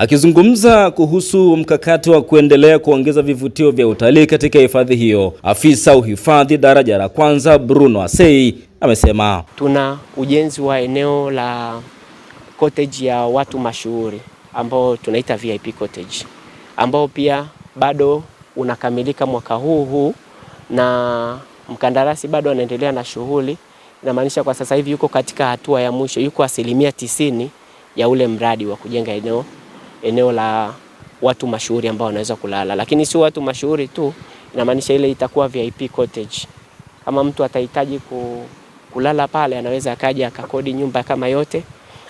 Akizungumza kuhusu mkakati wa kuendelea kuongeza vivutio vya utalii katika hifadhi hiyo, afisa uhifadhi daraja la kwanza Bruno Asei amesema tuna ujenzi wa eneo la cottage ya watu mashuhuri ambao tunaita VIP cottage, ambao pia bado unakamilika mwaka huu huu, na mkandarasi bado anaendelea na shughuli. Inamaanisha kwa sasa hivi yuko katika hatua ya mwisho, yuko asilimia tisini ya ule mradi wa kujenga eneo eneo la watu mashuhuri ambao wanaweza kulala, lakini si watu mashuhuri tu, inamaanisha ile itakuwa VIP cottage. Kama mtu atahitaji kulala pale, anaweza akaja akakodi nyumba kama yote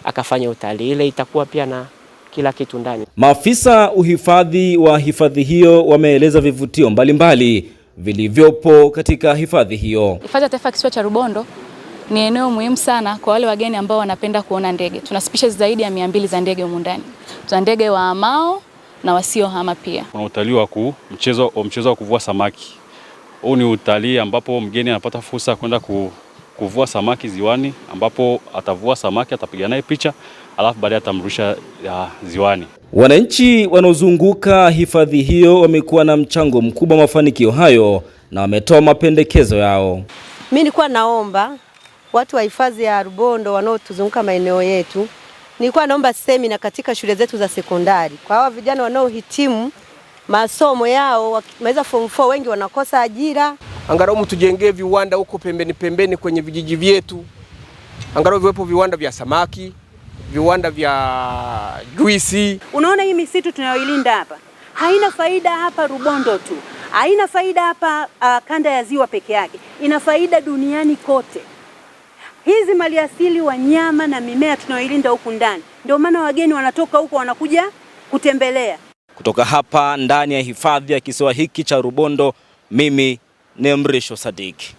akafanya utalii, ile itakuwa pia na kila kitu ndani. Maafisa uhifadhi wa hifadhi hiyo wameeleza vivutio mbalimbali vilivyopo katika hifadhi hiyo. Hifadhi ya Taifa Kisiwa cha Rubondo ni eneo muhimu sana kwa wale wageni ambao wanapenda kuona ndege. Tuna species zaidi ya mia mbili za ndege humu ndani. Tuna ndege wa amao na wasiohama pia. Kuna utalii wa mchezo wa kuvua samaki. Huu ni utalii ambapo mgeni anapata fursa ya kwenda ku, kuvua samaki ziwani, ambapo atavua samaki, atapiga naye picha, alafu baadaye atamrusha ziwani. Wananchi wanaozunguka hifadhi hiyo wamekuwa na mchango mkubwa mafanikio hayo na wametoa mapendekezo yao. Mimi nilikuwa naomba watu wa hifadhi ya Rubondo wanaotuzunguka maeneo yetu, nilikuwa naomba semina katika shule zetu za sekondari kwa hawa vijana wanaohitimu masomo yao maweza form 4 wengi wanakosa ajira. Angalau mtujengee viwanda huko pembeni pembeni kwenye vijiji vyetu, angalau viwepo viwanda vya samaki, viwanda vya juisi. Unaona hii misitu tunayoilinda hapa haina faida hapa Rubondo tu, haina faida hapa uh, kanda ya ziwa peke yake, ina faida duniani kote hizi mali asili, wanyama na mimea tunayoilinda huku ndani, ndio maana wageni wanatoka huko wanakuja kutembelea. Kutoka hapa ndani ya hifadhi ya kisiwa hiki cha Rubondo, mimi ni Mrisho Sadiki.